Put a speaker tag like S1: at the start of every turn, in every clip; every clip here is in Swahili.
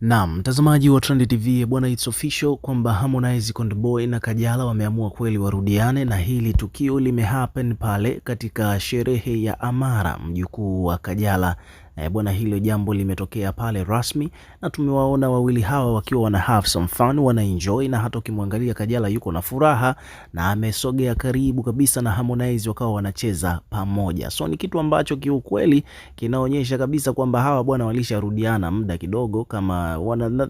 S1: Naam, mtazamaji wa Trend TV bwana, it's official kwamba Harmonize boy na Kajala wameamua kweli warudiane, na hili tukio limehappen pale katika sherehe ya Amara, mjukuu wa Kajala E, bwana hilo jambo limetokea pale rasmi na tumewaona wawili hawa wakiwa wana have some fun, wana enjoy na hata ukimwangalia Kajala yuko na furaha na amesogea karibu kabisa na Harmonize wakawa wanacheza pamoja. So ni kitu ambacho kiukweli kinaonyesha kabisa kwamba hawa bwana walisharudiana muda kidogo, kama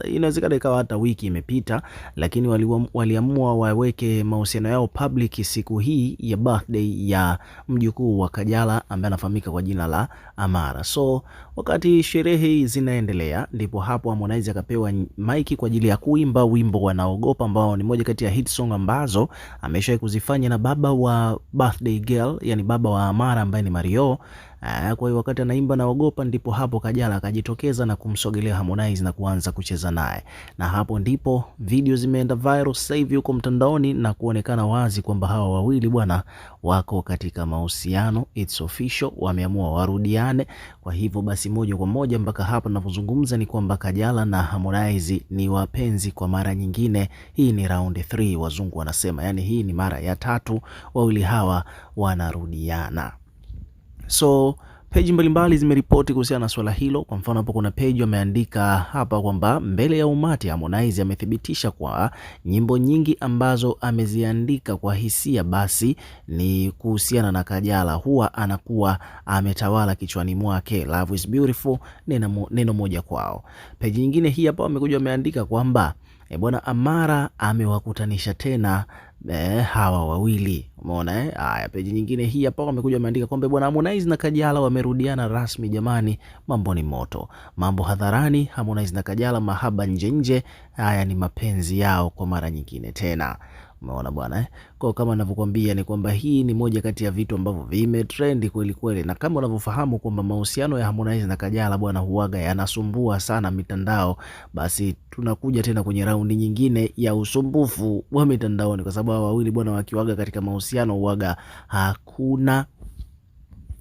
S1: inawezekana ikawa hata wiki imepita, lakini waliamua waweke mahusiano yao public siku hii ya birthday ya mjukuu wa Kajala ambaye anafahamika kwa jina la Amara so Wakati sherehe zinaendelea, ndipo hapo Harmonize akapewa maiki kwa ajili ya kuimba wimbo wanaogopa ambao ni moja kati ya hit song ambazo ameshawahi kuzifanya na baba wa Birthday Girl, yani baba wa Amara ambaye ni Mario Aa, Kwa hiyo wakati anaimba na ogopa, ndipo hapo Kajala akajitokeza na kumsogelea Harmonize na kuanza kucheza naye, na hapo ndipo video zimeenda viral sasa hivi huko mtandaoni na kuonekana wazi kwamba hawa wawili bwana wako katika mahusiano, it's official, wameamua warudiane. Kwa hivyo basi, moja kwa moja mpaka hapa ninapozungumza ni kwamba Kajala na Harmonize ni wapenzi kwa mara nyingine. Hii ni round 3 wazungu wanasema, yani hii ni mara ya tatu wawili hawa wanarudiana. So peji mbalimbali zimeripoti kuhusiana na swala hilo. Kwa mfano, hapo kuna peji wameandika hapa kwamba mbele ya umati, Harmonize amethibitisha kwa nyimbo nyingi ambazo ameziandika kwa hisia, basi ni kuhusiana na Kajala, huwa anakuwa ametawala kichwani mwake. Love is beautiful, neno, neno moja kwao. Peji nyingine hii hapa wamekuja wameandika kwamba E bwana Amara amewakutanisha tena eh, hawa wawili umeona eh? Haya, peji nyingine hii hapa wamekuja wameandika kwamba bwana Harmonize na Kajala wamerudiana rasmi. Jamani, mambo ni moto, mambo hadharani. Harmonize na Kajala mahaba nje nje, haya ni mapenzi yao kwa mara nyingine tena. Umeona bwana eh? Kwa kama ninavyokuambia ni kwamba hii ni moja kati ya vitu ambavyo vimetrendi kweli kweli, na kama unavyofahamu kwamba mahusiano ya Harmonize na Kajala bwana huaga yanasumbua sana mitandao, basi tunakuja tena kwenye raundi nyingine ya usumbufu wa mitandaoni kwa sababu ambao wawili bwana, wakiwaga katika mahusiano uwaga hakuna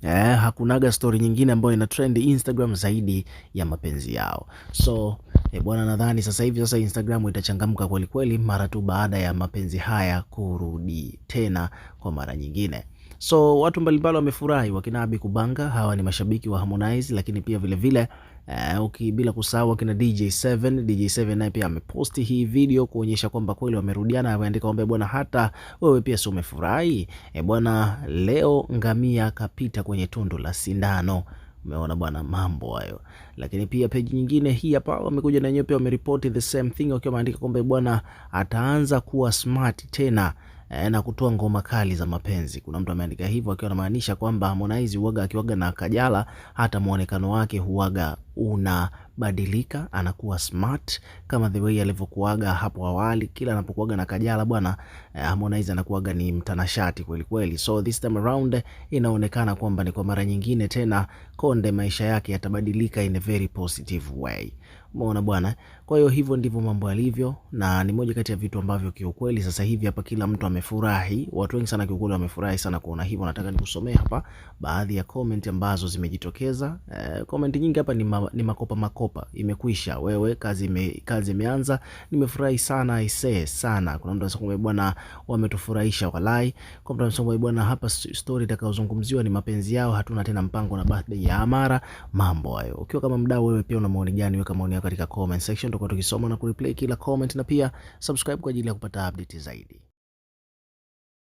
S1: eh, hakunaga stori nyingine ambayo ina trend Instagram zaidi ya mapenzi yao. So eh, bwana, nadhani sasa hivi sasa Instagram itachangamka kwelikweli mara tu baada ya mapenzi haya kurudi tena kwa mara nyingine. So watu mbalimbali wamefurahi, wakina Abi Kubanga, hawa ni mashabiki wa Harmonize, lakini pia vilevile vile, uh, eh, okay, bila kusahau wakina DJ7. DJ7 naye pia ameposti hii video kuonyesha kwamba kweli wamerudiana, ameandika kwamba bwana, hata wewe pia si umefurahi e bwana, leo ngamia kapita kwenye tundu la sindano. Umeona bwana, mambo hayo. Lakini pia peji nyingine hii hapa wamekuja na wenyewe pia wameripoti the same thing, wakiwa wameandika kwamba bwana, ataanza kuwa smart tena Eh, na kutoa ngoma kali za mapenzi. Kuna mtu ameandika hivyo akiwa anamaanisha kwamba Harmonize huaga akiwaga na Kajala, hata mwonekano wake huaga unabadilika, anakuwa smart kama the way alivyokuaga hapo awali. Kila anapokuaga na Kajala bwana eh, Harmonize anakuaga ni mtanashati kweli kweli. So this time around inaonekana kwamba ni kwa mara nyingine tena Konde maisha yake yatabadilika in a very positive way. Umeona bwana. Kwa hiyo hivyo ndivyo mambo yalivyo, na ni moja kati ya vitu ambavyo kiukweli sasa hivi hapa kila mtu amefurahi. Watu wengi sana kiukweli wamefurahi sana kuona hivyo. Nataka nikusomee hapa baadhi ya comment ambazo zimejitokeza. Eh, comment nyingi hapa ni mama ni makopa makopa, imekwisha wewe, kazi ime, kazi imeanza. Nimefurahi sana aisee sana. Kuna mtu anasema bwana, wametufurahisha walai. Kuna mtu anasema bwana, hapa story itakayozungumziwa ni mapenzi yao, hatuna tena mpango na birthday ya Amara. Mambo hayo. Ukiwa kama mdau, wewe pia una maoni gani? Weka maoni yako katika comment section, tutakuwa tukisoma na kureply kila comment, na pia subscribe kwa ajili ya kupata update zaidi.